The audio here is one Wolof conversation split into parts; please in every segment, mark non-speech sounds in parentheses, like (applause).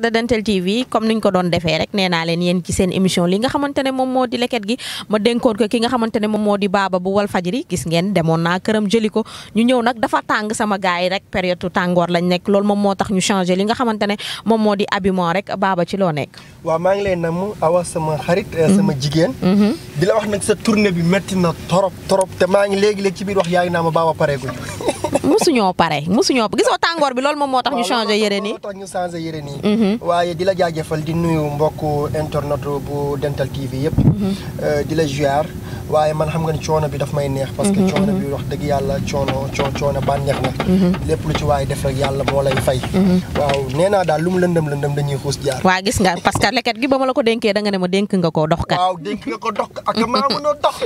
de Dental TV comme niñ ko doon defee rek nee naa leen yéen ci seen émission li nga xamante ne moom moo di leket gi ma dénkoon ko ki nga xamante moom moo di baaba bu wal fajiri gis ngeen demoon naa këram jëli ko ñu ñëw nag dafa tàng sama gars yi rek période tàngoor lañ nekk loolu moom moo tax ñu changé li nga xamante ne moom moo di habillement rek baaba ci loo nekk waaw maa ngi lay nam awa sama xarit eh, sama mhm. jigéen mhm. di la wax nag sa tournée bi métti na torop torop (laughs) Musuhnya pare musuñoo gisoo tàngoor bi loolu moom moo tax ñu changé yére nii tax ñu changé yére nii waaye di la jaajëfal di nuyu mbokk internet bu Dental TV yëpp mhm. eh, di la juar waaye man xam nga ni coono bi daf may neex parce que mhm, coono mhm. bi wax dëgg yàlla coono coono bànneex na lépp lu ci waaye def rek yàlla moo lay fay waaw nee naa lu mu lëndëm lëndëm dañuy xuus jaar waaw gis nga parce que leket gi ba ma la ko dénkee da nga ne ma dénk nga ko dox kat waaw dénk nga ko dox ak maa mën a dox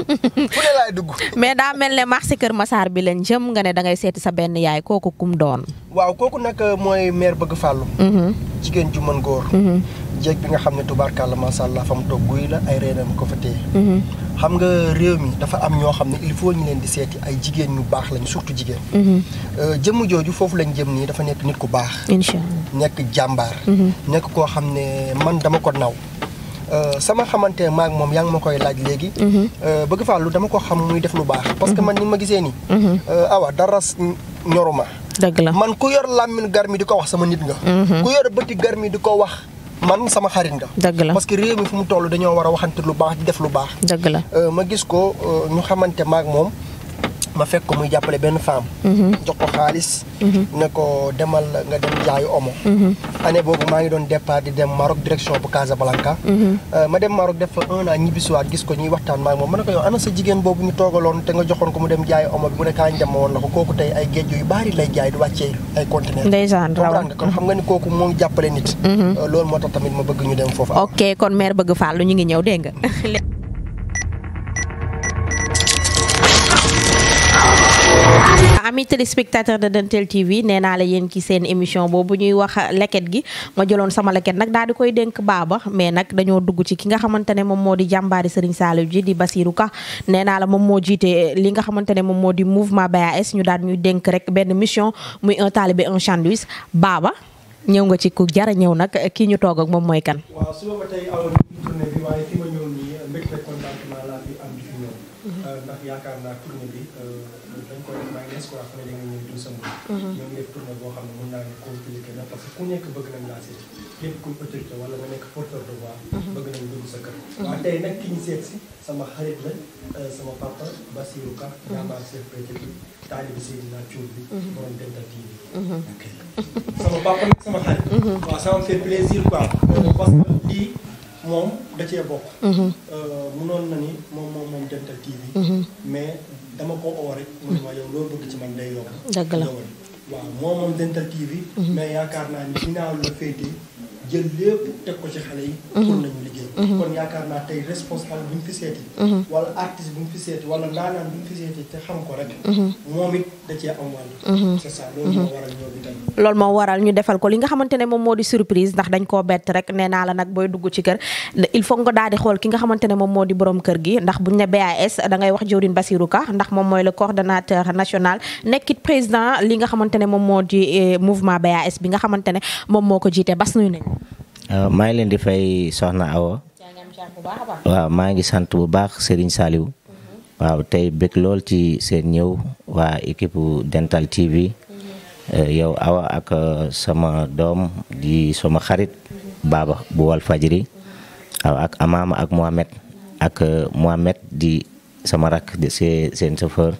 fu ne laay (laughs) dugg mais daa mel marché Kër Massar bi lañ jëm nga ne da ngay seeti sa benn yaay kooku kum doon. waaw kooku nag euh, mooy mère bëgg fàllu. Mm-hmm. jigéen ju mën góor. Mm-hmm. jeeg bi nga xam ne tubaarkàlla macha allah fa mu toog guy la ay reenam ko fa téye. Mm-hmm. xam nga réew mi dafa am ñoo xam ne il faut ñu leen di seeti ay jigéen ñu baax lañ surtout jigéen. Euh, jëmm jooju foofu lañ jëm nii dafa nekk nit ku baax. incha allah nekk jàmbaar. nekk koo xam ne man dama ko naw. Euh, sama xamante maak moom yaa ngi ma koy laaj léegi mhm. euh, bëgg faa lu dama ko xam muy def lu baax mhm. parce que man ni ma gisee nii mhm. euh, awa dara ñoruma dëgg la man ku yor làmmiñ garmi di ko wax sama nit nga ku yor bëti garmi di ko wax man sama xarit nga dëgg la parce que réew mi fu mu toll dañoo war a waxante lu baax di def lu baax dagg la ma gis ko ñu xamante maak moom ma fekk ko muy jàppale benn femme. Mhm. jox ko xaalis. Mhm. ne ko demal nga dem jaayu omo. Mhm. année boobu maa ngi doon départ di dem Maroc direction bu Casablanca. Euh, ma dem Maroc def fa un an ñibbisiwaat gis ko ñuy waxtaan maa ngi moom ma ne jigéen boobu ñu toogaloon te nga joxoon ko mu dem jaayu omo bi mu ne kaañ dem ma la ko kooku tey ay géej yu baari lay jaay du wàccee ay conteneur. ndeysaan rawan kon xam nga ni kooku moom jàppale nit. Euh, loolu moo tax tamit ma bëgg ñu dem foofu. ok kon mère bëgg Fallou ñu ngi ñëw dégg nga. (laughs) amis téléspectateurs de Dental TV nee naa la yéen ki seen émission boobu ñuy wax leket gi ma jëloon sama leket nag daal di koy dénk baaba mais nag dañoo dugg ci ki nga xamante ne moom moo di jàmbaari Serigne Saliou ji di Basirou Ka nee naa la moom moo jiite li nga xamante ne moom moo di mouvement BAS ñu daal ñuy dénk rek benn mission muy un talibé un sandwich baaba ñëw nga ci ku jar a ñëw nag kii ñu toog ak moom mooy kan. ñoom mhm. ñëpp tournée boo xam ne mën naa ne compliqué na parce que ku nekk bëgg nañ laa seet képp kuy autorité wala nga nekk porteur de voix mhm. bëgg nañ dugg sa kër mhm. waaw tey nag ki seet si sama xarit la euh, sama papa Bassirou Ka jàmbaar chef projet sama xarit waaw euh, moom da cee bokk mënoon euh, na ni moom moom moom Denta TV mais dama ko oo rek mu ma yow loo bëgg ci man day yokk dëgg la waaw moom moom Dental TV. Mhm. mais yaakaar naa ni ginnaaw la féetee. jël lépp teg ko ci xale yi. Mhm. Mhm. Mhm. loolu moo waral ñu defal ko li nga xamante ne moom moo di surprise ndax dañ ko bett rek nee naa la nag booy dugg ci kër il faut nga daal di xool ki nga xamante ne moom moo di borom kër gi ndax buñ ne BAS da wax jëwriñ Basirou Ka ndax moom mooy la coordonnateur national nekkit président li nga xamante ne moom moo di eh, mouvement BAS bi nga xamante ne moom moo ko jiite bas nuyu nañ Uh, may leen di fay soxna awo. waaw ma ngi sant bu baax Serigne saliw mhm. waaw tay bekk lol ci sen ñew wa equipe Dental TV. Mhm. Eh, yow Awa ak eh, sama Dom di sama xarit. Mhm. Baba bu wal fajiri. waaw ak Amama ak mohammed ak eh, mohammed di sama Rak di sen chauffeur.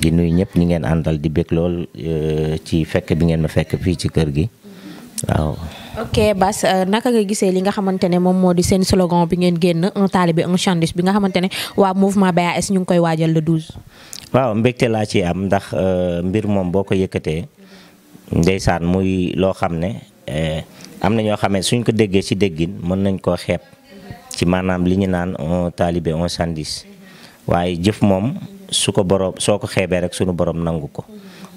di nuy ñep ñi ngeen andal di bekk lol ci fekk bi ngeen ma fekk fi ci kër gi waaw ok bas euh, naka nga gisee li nga xamantene mom modi sen di slogan bi ngeen genn un talibé un chandis bi nga xamantene wa mouvement BAS ñu ngi koy wajal le 12 waaw mbekté la ci am ndax eh, mbir mom boko yëkëté yëkkatee ndeysaan muy lo xamné ne eh, am ño xamé ne suñ ko déggé ci déggin mën nañ ko xép ci manam li ñu naan un talibé un chandis waye jëf mom suko borom soko xébé rek suñu borom nanguko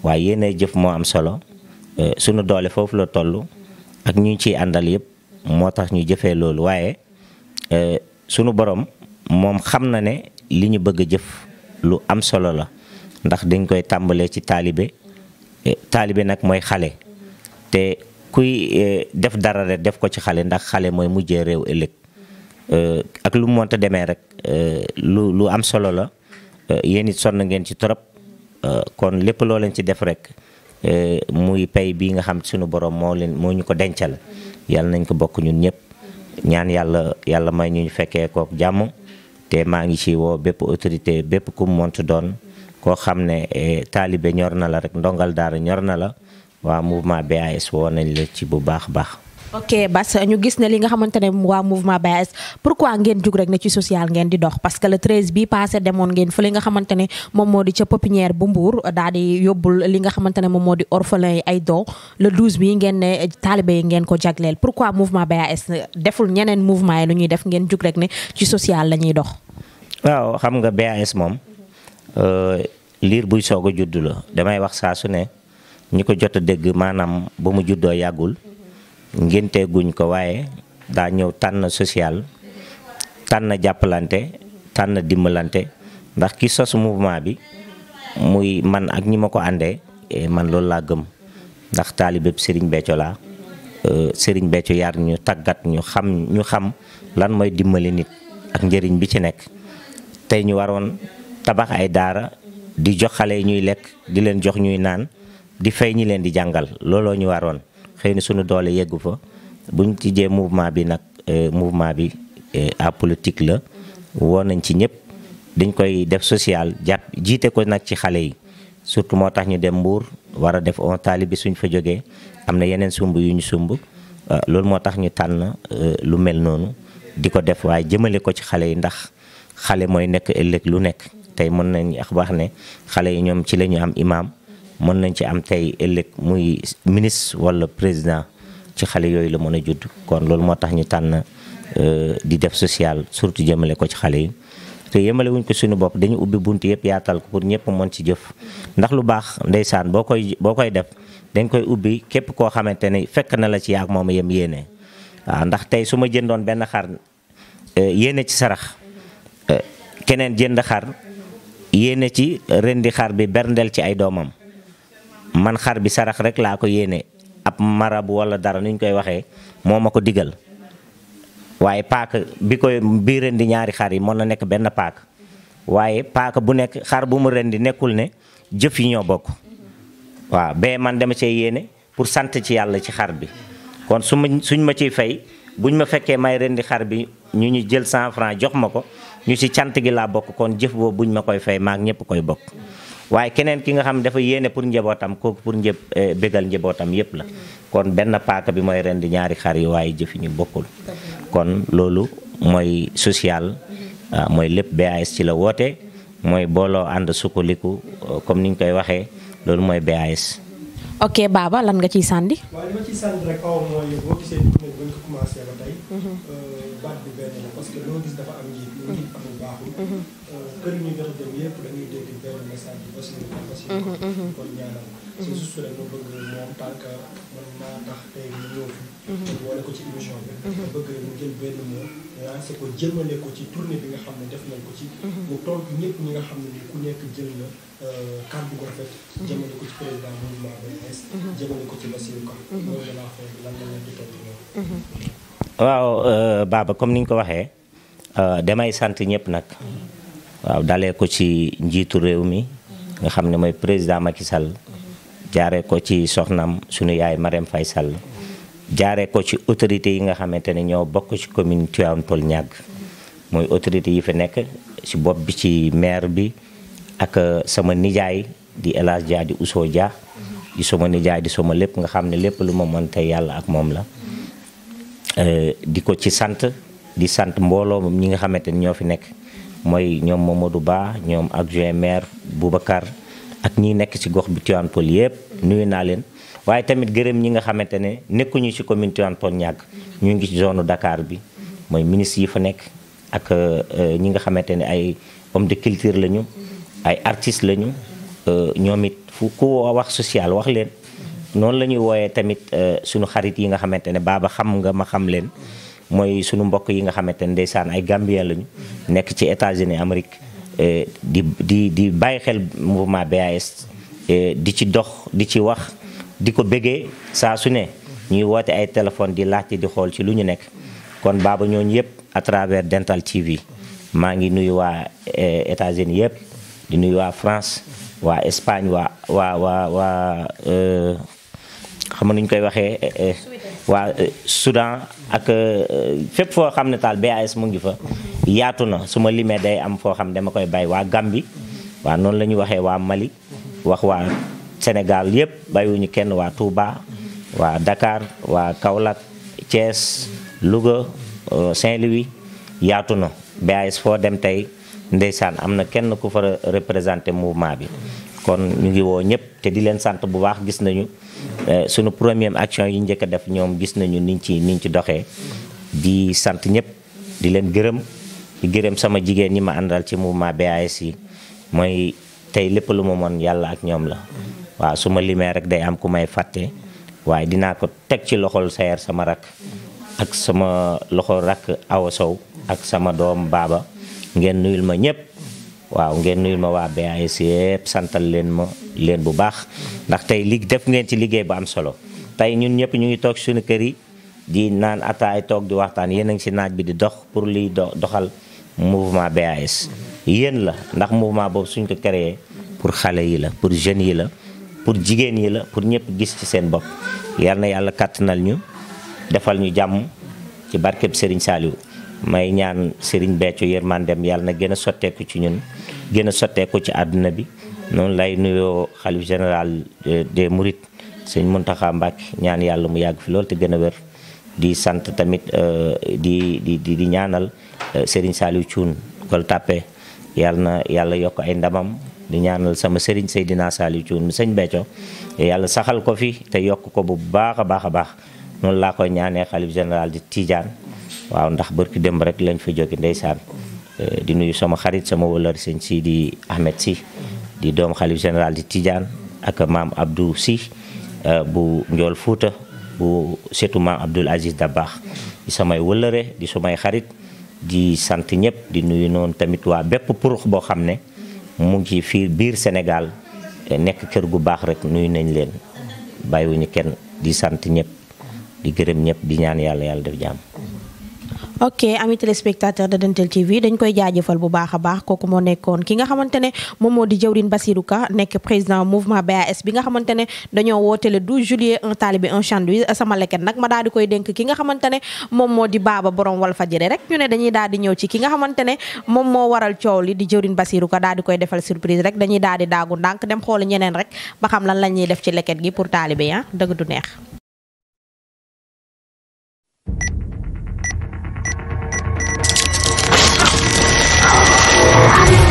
waye yene jëf mo am solo eh, suñu doole fofu la toll ak ñu ciy àndal yëpp moo tax ñu jëfee loolu waaye euh, sunu borom moom xam na ne li ñu bëgg a jëf lu am solo la ndax dañ koy tàmbalee ci taalibe euh, taalibe nag mooy xale te kuy euh, def dara rek def ko ci xale ndax xale mooy mujjee réew ëllëg ak lu mu mënta demee rek lu lu am solo la yéen it sonn ngeen ci torop kon lépp loo leen ci def rek Eh, muy pay bi nga xam sunu borom moo leen moo ñu ko dencal yàlla nañ ko bokk ñun ñëpp ñaan yàlla yàlla may ñu fekkee kook jàmm te maa ngi ci woo bépp autorité bépp ku mont doon koo xam ne eh, taalibe ñor na la rek ndongal daara ñor na la waaw mouvement BAS woo nañ la ci bu baax baax ok Bass ñu gis na li nga xamante ne waa mouvement BAS pourquoi ngeen jug rek ne ci social ngeen di dox parce que le 13 bi passé demoon ngeen fa li nga xamante ne moom moo di ca pépinière bu Mbour daal di yóbbul li nga xamante ne moom moo di orphelin yi ay doo le 12 bi ngeen ne taalibe yi ngeen ko jagleel pourquoi mouvement BAS deful ñeneen mouvement yi lu ñuy def ngeen jug rek ne ci social la ñuy dox. waaw xam nga BAS moom euh, liir buy soog a judd la damay wax saa su ne ñi ko jot dégg maanaam ba mu juddoo yàggul. ngénte guñ ko tan da ñew tan social tan jàppalante tan dimbalante ndax ki sos mouvement bi muy man ak ñima ko andé e man loolu la gëm ndax taalibeb Serigne Béthio laa e Serigne beccio yar ñu tagat ñu xam ñu xam lan moy dimbali nit ak njëriñ bi ci nek tay ñu waron tabax ay daara di jox xale ñuy lek di len jox ñuy naan di fay ñi leen di janggal, lolo ñu waron xëy na suñu doole yeggu fa buñ ci jee mouvement bi nag euh, mouvement bi euh, apolitique la woo nañ ci ñëpp dañ koy def social jàpp jiite ko nag ci xale yi surtout moo tax ñu dem mbuur war a def on taali bi suñ fa jógee am na yeneen sumb yu ñu sumb euh, loolu moo tax ñu tànn lu mel noonu di ko def waaye jëmale ko ci xale yi ndax xale mooy nekk ëllëg lu nekk tey mën nañ wax ne xale yi ñoom ci la am imam mën nañ ci am tey ëllëg muy ministre wala président ci xale yooyu la mën a judd kon loolu moo tax ñu tànn euh, di def social surtout jëmale ko ci xale yi te yëmale wuñ ko suñu bopp dañu ubbi bunt yëpp yaatal ko pour ñëpp mën ci jëf ndax lu baax ndeysaan boo koy boo koy def dañ koy ubbi képp koo xamante ne fekk na la ci ak moom yem yéene waaw ndax tey su ma jëndoon benn xar euh, yéene ci sarax euh, keneen jënd xar yéene ci rendi xar bi berndeel ci ay doomam man xar bi sarax rek laa ko yéene ab marabu walla dara nuñ koy waxee moo ma ko digal waaye paaka bi koy bi rendi ñaari xar yi mën na nekk benn paaka waaye paaka bu nekk xar bu mu rendi nekkul ne jëf yi ñoo bokk waaw bee man dama see yéene pour sant ci yàlla ci xar bi kon su ma suñ ma ciy fay buñ ma fekkee may rendi xar bi ñu ñu jël 100 francs jox ma ko ñu si cant gi laa bokk kon jëf boobu buñ ma koy fay maak ñëpp koy bokk waaye keneen ki nga xam dafa yéene pour njabootam kooku pour njëb eh, bégal njabootam yépp la kon benn paaka bi mooy rendi ñaari xar yi waaye jëfiñu bokkul kon loolu mooy social ah, mooy lépp BAS ci la woote mooy booloo ànd sukkaliku comme ni koy waxee loolu mooy BAS nga ciy sànni. kër yi ñu jot a dem yëpp dégg benn message ba Bassirou mm-hmm, mm-hmm. kon mm-hmm. ma bëgg moom tant maa tax tey ci émission bi mu jël nga xam ne def nañ ko ci mu tontu ñëpp ñi nga xam ne ni ku euh, waaw euh, Baba comme ni nga ko waxee Euh, damay sant ñëpp nag waaw dalee ko ci njiitu réew mi nga xam ne mooy président Macky Sall jaaree ko ci soxnam sunu yaay Marème Faye Sall jaaree ko ci autorités yi nga xamante ne ñoo bokk ci commune Tivaouane Peulh Niague mooy autorités yi fi nekk ci bopp bi ci maire bi ak euh, sama nijaay di El Hadj Dia di Ousso Dia di sama nijaay di sama lépp nga xam ne lépp lu ma mën yàlla ak moom la euh, di ko ci sant di sant mbooloo ñi nga xamante ni ñoo fi nekk mooy ñoom Mamadou Ba ñoom ak juin maire Boubacar ak ñi nekk ci gox bi Tivaouane Peulh yépp nuyu naa leen waaye tamit gërëm ñi nga xamante ne nekkuñu ci commune Tivaouane Peulh ñàgg ñu ngi ci zone Dakar bi mooy ministre yi fa nekk ak euh, ñi nga xamante ne ay homme de culture lañu ay artistes lañu euh, ñoom it fu ku wax sociale wax leen noonu la ñuy wooyee tamit euh, sunu xarit yi nga xamante ne baaba xam nga ma xam leen mooy sunu mbokk yi nga xamante ne saan ay Gambien lañu nekk ci États-Unis Amérique eh, di di di bàyyi xel mouvement BAS eh, di ci dox di ci wax di ko bëggee saa su ne ñuy woote ay téléphone di laajte di xool ci lu ñu nekk kon baaba ñooñu yëpp à travers Dental TV maa ngi nuyu waa eh, États-Unis yëpp di nuyu waa France waa Espagne waa waa waa waa ñu koy waxee waa euh, Soudan ak euh, fépp foo xam ne taal BAS mu ngi fa yaatu na su ma limee day am foo xam ne dama koy bay waa Gambie waa noonu la ñu waxee waa Mali wax waa Sénégal yëpp bàyyiwuñu kenn waa Touba waa dakaar waa kawlak Thiès Louga euh, Saint-Louis yaatu na BAS foo dem tey ndeysaan am na kenn ku fa représenté mouvement bi kon ñu ngi woo ñëpp te di leen sant bu baax gis nañu eh, sunu première action yi njëkk a def ñoom gis nañu niñ ci niñ ci doxee di sant ñëpp di leen gërëm di gërëm sama jigéen ñi ma àndal ci mouvement BAS yi mooy tey lépp lu ma moon yàlla ak ñoom la waaw su ma limee rek day am ku may fàtte waaye dinaa ko teg ci loxol sayer sama rakk ak sama loxol rakk Awa Sow ak sama doom baaba ngeen nuyul ma ñëpp waaw ngeen nuyu ma waa BAS yëpp e, santal leen ma leen bu baax ndax tey li def ngeen ci liggéey bu am solo tey ñun ñëpp ñu ngi toog suñu kër yi di naan ataay toog di waxtaan yéen a ngi si naaj bi di dox pour liy doxal mouvement BAS e. yéen la ndax mouvement boobu suñ ko créé pour xale yi la pour jeunes yi la pour jigéen yi la pour ñëpp gis ci seen bopp yal na yàlla kàttanal ñu defal ñu jàmm ci barkeb Serigne Saliou may ñaan Serigne Béthio yërmandem yàlla na gën a sotteeku ci ñun gën a sotteeku ci àdduna bi noonu lay nuyoo xalif général des Mourides sëñ Muntaxa Mbàkke ñaan yàlla mu yàgg fi loolu te gën a wér di sant tamit euh, di di di ñaanal euh, Serigne Saliou Thioune Gueule Tapée yàlla na yàlla yokk ay ndamam di ñaanal sama Serigne Seydina Saliou Thioune mu sëñ Béthio yàlla saxal ko fi te yokk ko bu baax a baax a baax noonu laa koy ñaanee xalif général di tiijaan waaw ndax barki démb rek lañ fa jóge ndeysaan Eh, di nuyu sama xarit sama wolor sëñ ci di ahmed si di dom khalif general di tidiane ak mam abdou si eh, bu njool fouta bu setu mam abdul aziz dabakh di samay wolore di sumay xarit di sant ñep di nuyu non tamit wa bepp purux bo xamne bir mu ngi fi bir senegal eh, nek kër gu bax rek nuyu nañ bayiwu ñu kenn di sant ñep di gërëm ñep di ñaan yalla yalla def jamm ok ami téléspectateur de Dental TV dañ koy jaajafal bu baax a baax kooku moo nekkoon ki nga xamante ne moom moo di jëwrin Basirou Ka nekk président mouvement BAS bi nga xamante ne dañoo woote le 12 juillet un talibé un sandwich sama leket nag ma daal di koy dénk ki nga xamante ne moom moo di baaba borom Walfadjri rek ñu ne dañuy daal di ñëw ci ki nga xamante ne moom moo waral coow li di jëwrin Basirou Ka daal di koy defal surprise rek dañuy daal di daagu ndànk dem xool ñeneen rek ba xam lan la ñuy def ci leket gi pour talibé ya ah, dëgg du neex Yeah.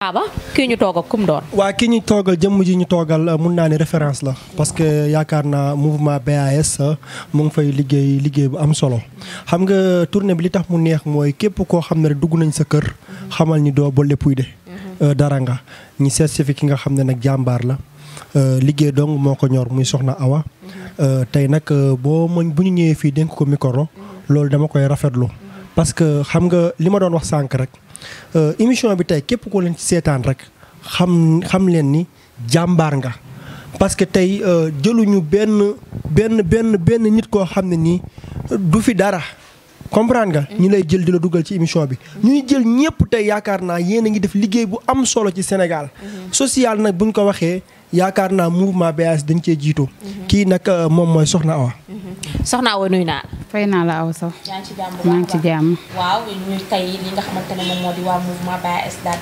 Baba kii ñu toog ak kum doon. waa kii ñu toogal jëmm ji ñu toogal euh, mun naa ne référence la parce que yaakaar naa mouvement BAS euh, mu ngi fay liggéey liggéey bu am solo xam nga tournée bi li tax mu neex mooy képp koo xam ne rek dugg nañ sa kër xamal ni doo ba léppuy de. Mhm. Euh, dara nga ñi certifié ki nga xam ne nag jàmbaar la liggéey dong moo ko ñor muy soxna Awa mhm. tey nag boo ma bu ñu ñëwee fii dénk ko micro mhm. loolu dama koy rafetlu parce que xam nga li ma doon wax sànq rek. Euh, émission bi tey képp ko leen ci seetaan rek xam xam leen ni jàmbaar nga parce que tey euh, jëluñu benn benn benn benn nit koo xam ne ni euh, du fi dara comprendre nga. Mm. ñu lay jël di la dugal ci émission bi. ñuy jël ñëpp tey yaakaar naa yéen a ngi def liggéey bu am solo ci Sénégal. Mm-hmm. social nag buñ ko waxee. yaakaar naa mouvement BAS dañ cee jiito mhm. kii nag euh, moom mooy Soxna Awa. Mhm. Soxna Awa nuyu naa la. fay naa la aw sax. yaa ngi ci jàmm maa ngi ci waaw ñu tey li nga xamante moom moo di waa mouvement mhm. BAS daal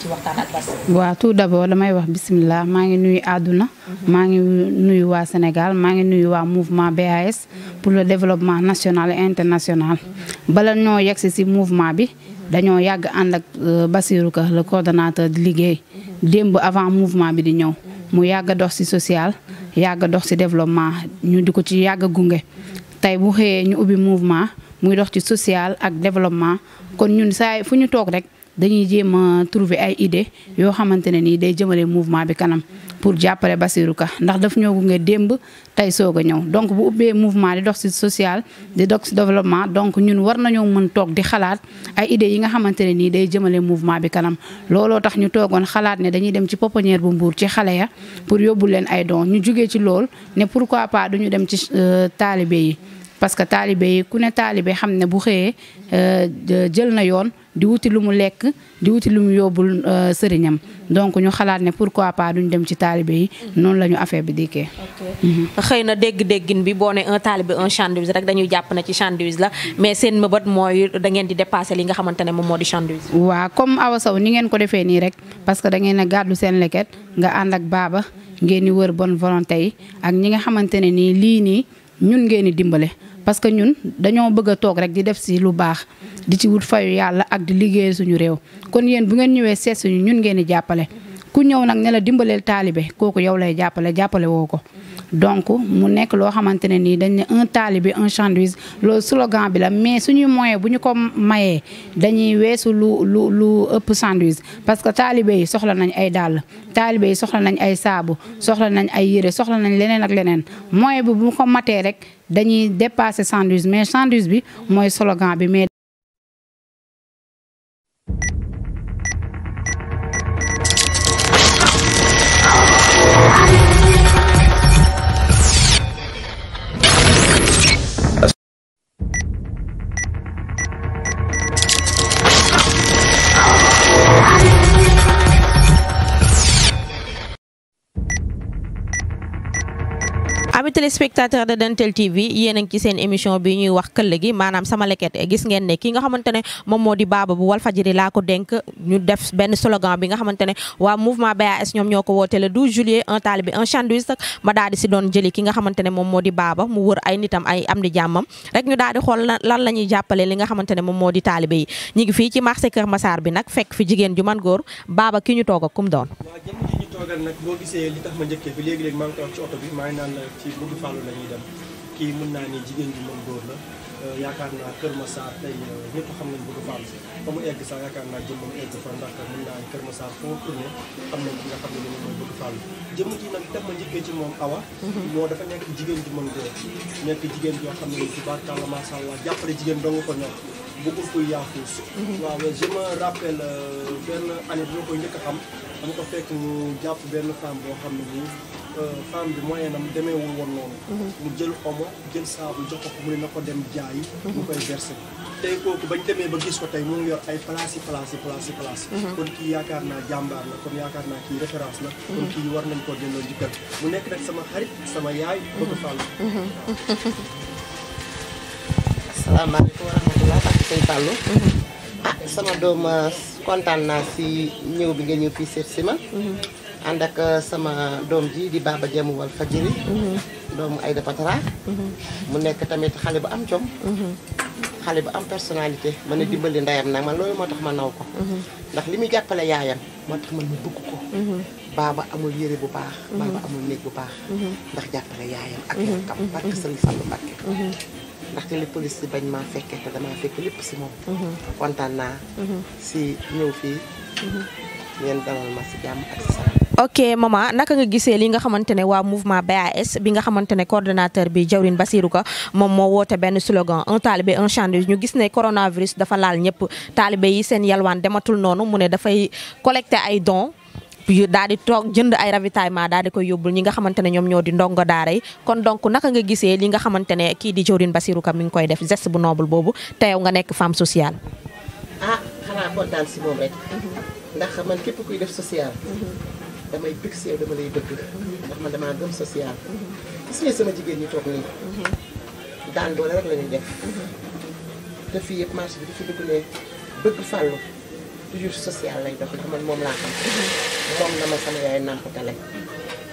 ci waxtaan ak Bass. waaw tout d'abord damay wax bisimilah maa ngi nuyu àdduna. maa ngi nuyu waa Sénégal maa ngi nuyu waa mouvement BAS. pour le développement national et international. nationale bala ñoo yegsi si mouvement bi dañoo yàgg ànd ak euh, Basirou Ka le coordonnateur di liggéey démb avant mouvement bi di ñëw mu yàgg dox si social yàgg dox si développement ñu di ko ci yàgg gunge tey bu xëyee ñu ubbi mouvement muy dox ci social ak développement kon ñun saa fu ñu toog rek dañuy jéem a trouver ay idée yoo xamante ne nii day jëmale mouvement bi kanam pour jàppale Basirou Ka ndax daf ñoo gunge démb tey soog a ñëw donc bu ubbee mouvement di dox ci social di dox développement donc ñun war nañoo mën toog di xalaat ay idées yi nga xamante ne nii day jëmale mouvement bi kanam looloo tax ñu toogoon xalaat ne dañuy dem ci pouponnière bu Mbour ci xale ya pour yóbbu leen ay don ñu jugee ci lool ne pourquoi pas ñu dem ci euh, taalibe yi parce que taalibe yi ku ne taalibe xam ne bu xëyee euh, jël na yoon di wuti lu mu lekk di wuti lu mu yóbbul euh, sëriñam donc ñu xalaat ne pourquoi pas duñ dem ci taalibe yi mm-hmm. noonu la ñu affaire bi dikkee. Mm-hmm. xëy na dégg-déggin bi boo ne un taalibe un chanduise rek dañuy jàpp na ci chanduise la mais seen mëbët mooy da ngeen di dépasser li nga xamante ne moom moo di chanduise. waa comme Awa Sow ni ngeen ko defee nii rek parce que da ngeen a gàddu seen leket nga ànd ak baaba ngeen di wër bonne volonté yi ak ñi nga xamante ne nii lii nii ñun ngeen di dimbale. parce que ñun dañoo bëgg a toog rek di def si lu baax di ci wut fayu yàlla ak di liggéeyal suñu réew kon yéen bu ngeen ñëwee seet suñu ñun ngeen di jàppale ku ñëw nag ne la dimbaleel taalibe kooku yow lay jàppale jàppale woo ko donc mu nekk loo xamante ne nii dañ ne un taalibe en Chanduize loolu slogan bi la mais suñu moyen bu ñu ko mayee dañuy weesu lu lu lu ëpp Chanduize parce que taalibe yi soxla nañ ay dàll taalibe yi soxla nañ ay saabu soxla nañ ay yére soxla nañ leneen ak leneen dañuy dépasser sandwich mais sandwich bi mooy slogan bi mais ami téléspectateur de Dental TV yéen a ci seen émission bi ñuy wax këll gi maanaam sama leket gis ngeen ne ki nga xamante ne moom moo di baaba bu Walfadjri laa ko dénk ñu def benn slogan bi nga xamante ne waa mouvement BAS ñoom ñoo ko woote le 12 juillet un taalibe un sandwich ma daal di si doon jëli ki nga xamante ne moom moo di baaba mu wër ay nitam ay am di jàmmam rek ñu daal di xool lan la ñuy jàppale li nga xamante ne moom moo di taalibe yi ñu ngi fii ci marché Kër Massar bi nag fekk fi jigéen ju man góor baaba ki ñu toog ak kum doon toogal nak boo gisee li tax ma njëkkee bi léegi-léegi maa ngi toog ci oto bi maa ngi jigen la ci Modou Fallou la ñuy dem kii mën naa ni jigéen ji moom góor la yaakaar naa Kër Massar tey ñëpp xam nañ Modou Fallou fa mu egg sax yaakaar naa jëmmam egg fa ndax mën naa ni Kër Massar foo tourné xam nañ ki nga xam ne ni moom Modou Fallou jëmm ji nag tax ma ci awa dafa nekk nekk xam allah dong ko ñor bëggul koy yaafus waaw je me rappelle benn année bi xam dama ko fekk ñu jàpp benn femme boo xam ne nii euh, femme bi moyen am demeewul woon noonu. Mhm. mu jël omo jël saabu jox ko mu ne na ko dem jaayi. Mhm. mu koy verser. tey kooku bañ demee ba gis ko tey mu ngi yor ay place yi place yi place mhm. yaakaar naa jàmbaar la kon yaakaar naa kii référence la kon kii war nañ koo delloo njukkal mu nekk rek sama xarit sama yaay bëgg fàll asalaamaaleykum wa rahmatulah ak sëñ Fallou sama doom kontaan naa si ñëw bi nga ñëw fii seet si ma mm-hmm. ànd ak uh, sama doom ji di Baba Jaamu wal Fajiri mm-hmm. doomu Aïda Patara mm-hmm. mu nekk tamit xale bu am jom xale bu am personnalité ma a dimbali ndeyam nag man loolu moo tax ma naw ko ndax li muy jàppale yaayam moo tax man ma bëgg ko baaba amul yére bu baax baaba amul néeg bu baax ndax jàppale yaayam ak yaakam sa Sëriñ Fallu Mbakke ndaxte li police si bañ maa fekkee te damaa fekk lépp si moom. kontaan naa. si ñëw fii. Mhm. ngeen dalal ma si jàmm ak si salaam. ok maman naka nga gisee li nga xamante ne waa mouvement BAS bi nga xamante ne coordonnateur bi Jawrin Basirou Ka moom moo woote benn slogan un talibé un chantier ñu gis ne coronavirus dafa laal ñëpp talibé yi seen yalwaan dematul noonu mu ne dafay collecter ay don daal di tok jënd ay ravitaillement daal di ko yobul ñi nga xamantene ñom ñoo di ndongo daara yi kon donc naka nga gisee li nga xamantene ki di Jawrin Basirou kam mi ngi koy def geste bu noble bobu tayaw nga nek femme sociale ah xana contane ci mom rek mhm. ndax man képp kuy def social mhm. damay bëgg yow dama lay bëgg mhm. ndax man dama gëm social ci nga sama jigeen ñi toog nii daan doole rek la def te fi yépp marché bi dafa dugg ne bëgg fallu toujours social lay doxee te man moom laa xam. moom na ma sama yaay nàmpatale.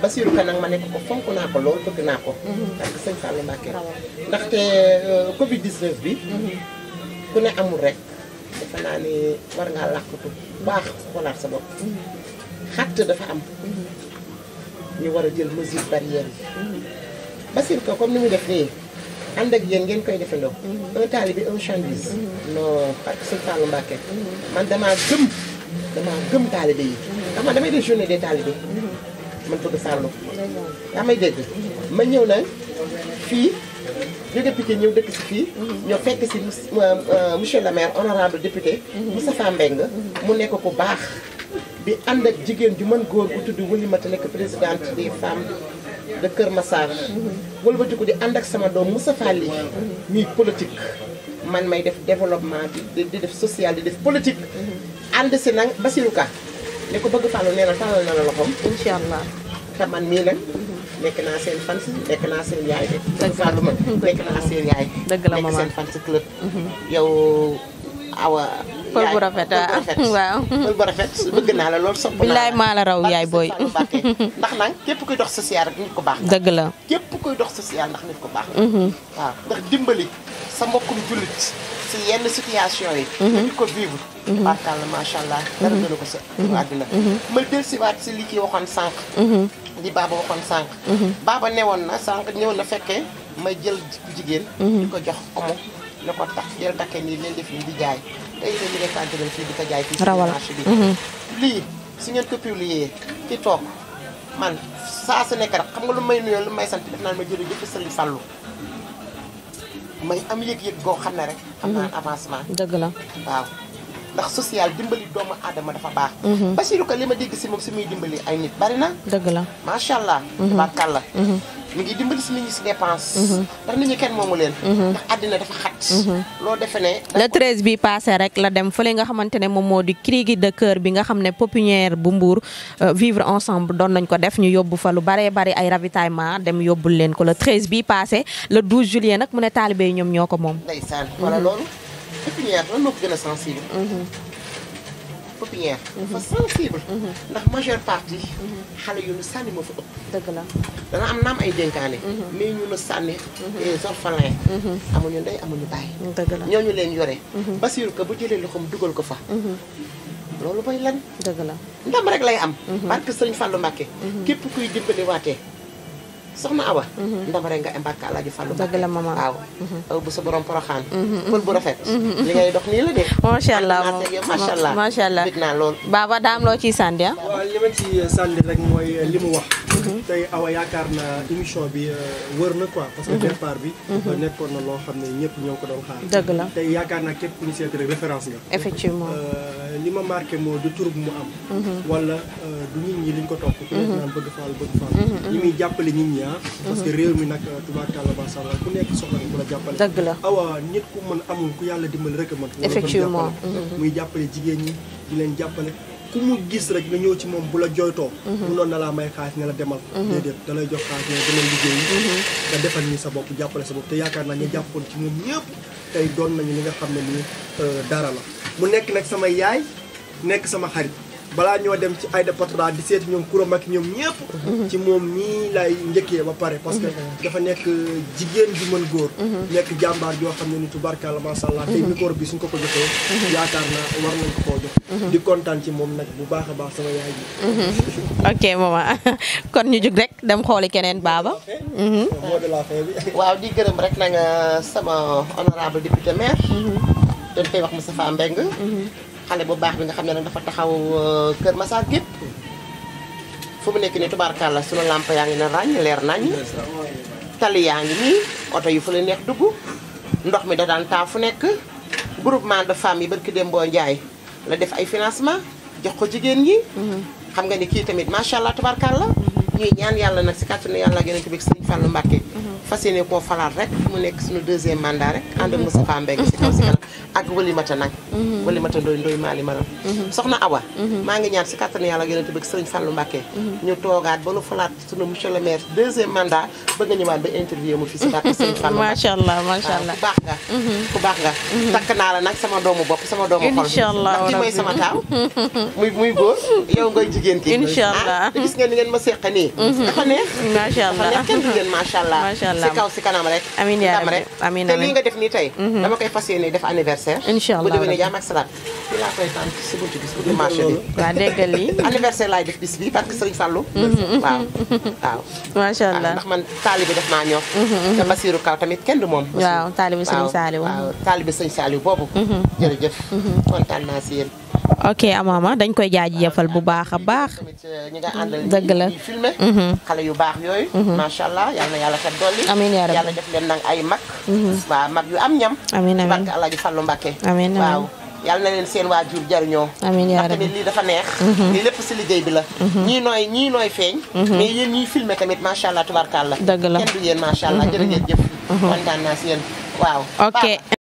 Bassirou Ka nag ma nekk ko fonk naa ko lool bëgg naa ko. parce mhm. que sëñ Fallou Mbacké ah ndaxte euh, Covid 19 bi. Mhm. ku ne amul rek. defe naa ni war ngaa làkkatu baax xoolaat sa bopp. Mhm. xatt dafa am. ñu war a jël mesure barrière yi. Bassirou Ka comme ni mu def nii. ngeen koy mhm. un talibé, un chandise. Mhm. non parce que ce man dama gëm dama gëm yi. damay des taalibe. Mhm. man je Fallou. yaa may dégg ma ñëw nag fii. député ñëw dëkk si fii. ñoo fekk si euh, euh, monsieur le maire honorable député. mu ku baax. bi ak ju présidente des femmes. de Kër Massar. wëlbatiku di ànd ak sama doom Moustapha Ly muy politique man may def développement di di def social di def politique. ànd si nag Basirou Ka li ko bëgg fàllu nee na tàllal na la loxoom. incha allah te man mii nag. nekk naa seen fan si nekk naa seen yaay de. dëgg la nekk naa seen yaay. dëgg la maman nekk fan si club. Mhm. yow awa. pël bu rafet waaw pël (laughs) rafet bëgg naa la lool sopp billaay maa la raw yaay booy (laughs) ndax nag képp kuy dox social rek nit ko baax dëgg la képp kuy dox social ndax nit ko baax mm-hmm. waaw ndax dimbali sa mbokkum jullit si yenn situation yi mm-hmm. dañu ko vivre mm-hmm. barkaal allah dara gënu ko si àdduna ma del siwaat si li kii waxoon sànq li baaba waxoon sànq baaba newoon na sànq ñëw na fekkee may jël jigéen di ko jox omo ne ko tax jël takkee nii leen def nii di jaay day jël li nga tàngaleel fii di ko jaay fii. rawal marché bi. Mhm. lii si ngeen ko publier ci toog man saa su nekk rek xam nga lu may nuyoo lu may sant def naan ma jërëjëf Serigne Fallou may am yëg-yëg goo xam ne rek. am naa mhm. avancement. dëgg la waaw. ndax social dimbali doomu aadama dafa baax. Mhm. Bassirou Ka li ma dégg si moom si muy dimbali ay nit bari na. dëgg la macha allah. tabaarkàlla. mi ngi dimbali si mhm. mhm. mhm. treize bi passé rek la dem fële nga xamante ne moom moo di Criqui de Cœur bi nga xam ne pépinière bu Mbour euh, vivre ensemble doon nañ ko def ñu yóbbu fa lu baree bari ay ravitaillement dem yóbbul leen ko la treize bi passé le douze juillet nag mu ne taalibe ñoom ñoo ko moom. ndeysaan wala loolu pépinière. dafa sensible. ndax majeure partie. xale yu nu sànni moo fa ëpp. dëgg la dana am naam ay dénkaane. mais ñu nu sànni. les orphelins. amuñu ndey amuñu bàyyi. dëgg la ñooñu leen yore. Bassirou Ka bu jëlee loxoom dugal ko fa. loolu mooy lan. dëgg la ndam rek lay am. barke Sëriñ Fallou Mbacké. képp kuy dimbali waatee. soxna Awa. ndabare nga embarqué El Hadj Fallou. dëgg la maman waaw. bu mhm. sa borom poroxaan. Mhm, mhm. pël bu rafet. li ngay dox nii la de. macha allah macha daam loo ciy sànni ah. li ma ciy sànni rek mooy euh, li mu wax. tey Awa yaakaar naa émission bi euh, wër na quoi. parce que départ bi. nekkoon na loo xam ne ñëpp ñoo ko doon xaar. dëgg la tey yaakaar naa képp ku ñu référence nga. effectivement. Euh, li ma marqué moo du tur bu mu am. Mhm. wala euh, du nit ñi liñ ko top ko nekk bëgg faal bëgg faal. ñi mi jappalé nit ñi ah. Mhm. parce que réew mi nag euh, tubaarkàlla macha allah ku nekk soxla ko la jappalé dëgg la awa nit ku mëna amul ku yalla dimbal rek a effectivement mhm, muy jappalé jigéen ñi di leen jappalé ku mu gis rek nga ñëw ci mom bu la jooytoo munoon na la may xaar ne la demal dedet da lay jox xaar ne la demal liggéey da defal nii sa bop jappalé sa bop te yaakaar na ñi jàppoon ci moom ñëpp tay doon nañu li nga xamné ni euh, dara la mu nekk nag sama yaay nekk sama xarit balaa ñoo dem ci Aïda Patra di seeti ñoom kuram ak ñoom ñëpp. Mhm. ci moom mii lay njëkkee ba pare. parce que mhm. dafa nekk jigéen ju mën góor. Mhm. nekk jàmbaar joo xam ne nitu barkaala macha allah. tey micro bi suñ ko ko di kontaan ci moom nag bu baax a baax sama yaay ji. ok maman (laughs) kon ñu jug rek dem xooli keneen baaba. waaw di gërëm rek na nga sama honorable député maire. dañ koy wax Moustapha Mbeng eh. mhm. xalé bu baax bi nga xam dafa taxaw eh, keur massa gep fu mu nek ni tabarakallah sunu lamp yaangi na ne leer nañ tali yaangi ni auto yu fu le neex duggu ndox mi da daan ta fu nek groupement de femmes yi barki Dembo ndjay la def ay financement jox ko jigen yi mhm. xam nga ni ki tamit machallah tabarakallah mhm. ñuy ñaan yàlla nag si kàttanu yàlla ak yonent bi ak sëñ Fallou Mbacké mhm. fas yéene koo falaat rek mu nekk suñu deuxième mandat rek mhm. ànd ak Moustapha Mbengue si si kanam mhm. ak yàlla ak yonent bi ak sëñ ñu toogaat ba nu falaat suñu monsieur le maire deuxième mandat bëgg nga ñëwaat ba interview mu fi si barke sëñ Fallou macha ma macha allah ku baax nga ku baax nga takk naa la nag sama doomu bopp sama doomu xol incha allah ndax mooy sama taaw (laughs) muy muy yow ngay jigéen dafa mm-hmm. neex. macha allah dafa neex macha allah. macha si kaw si kanam rek. amiin yaa rabbi te lii nga def nii tey. Mm-hmm. dama koy fas yéene def anniversaire. incha allah bu déwénee jàmm ak salaam. fii laa koy tànn si buntu bi si buntu marché bi. waaw déggal lii. (laughs) bis bi parce que Serigne mm-hmm. waaw waaw. macha ah, ndax man taalibi def naa ñor. te Basirou Kaw tamit kenn du moom. waaw taalibi Serigne Saliou waaw waaw taalibi Serigne Saliou boobu. jërëjëf kontaan naa si ok amaama dañ koy jaajëfal bu baax a baax. Euh, dëgg la mhm. xale yu baax yooyu. Mhm. macha allah yal na yàlla kat dolli. amiin yaa rabbi def leen nag ay mag. Mhm. waaw yu am ñam. amiin amiin barke Alaaji Fallu Mbàkke. amiin waaw. yàlla na leen seen waajur jariñoo amiin yaa rabbi tamit lii dafa neex lii lépp si liggéey bi la ñii nooy ñii nooy feeñ mais yéen ñiy filmé tamit macha allah dëgg la kenn du allah jërëjëf jëf kontaan naa si yéen waaw ok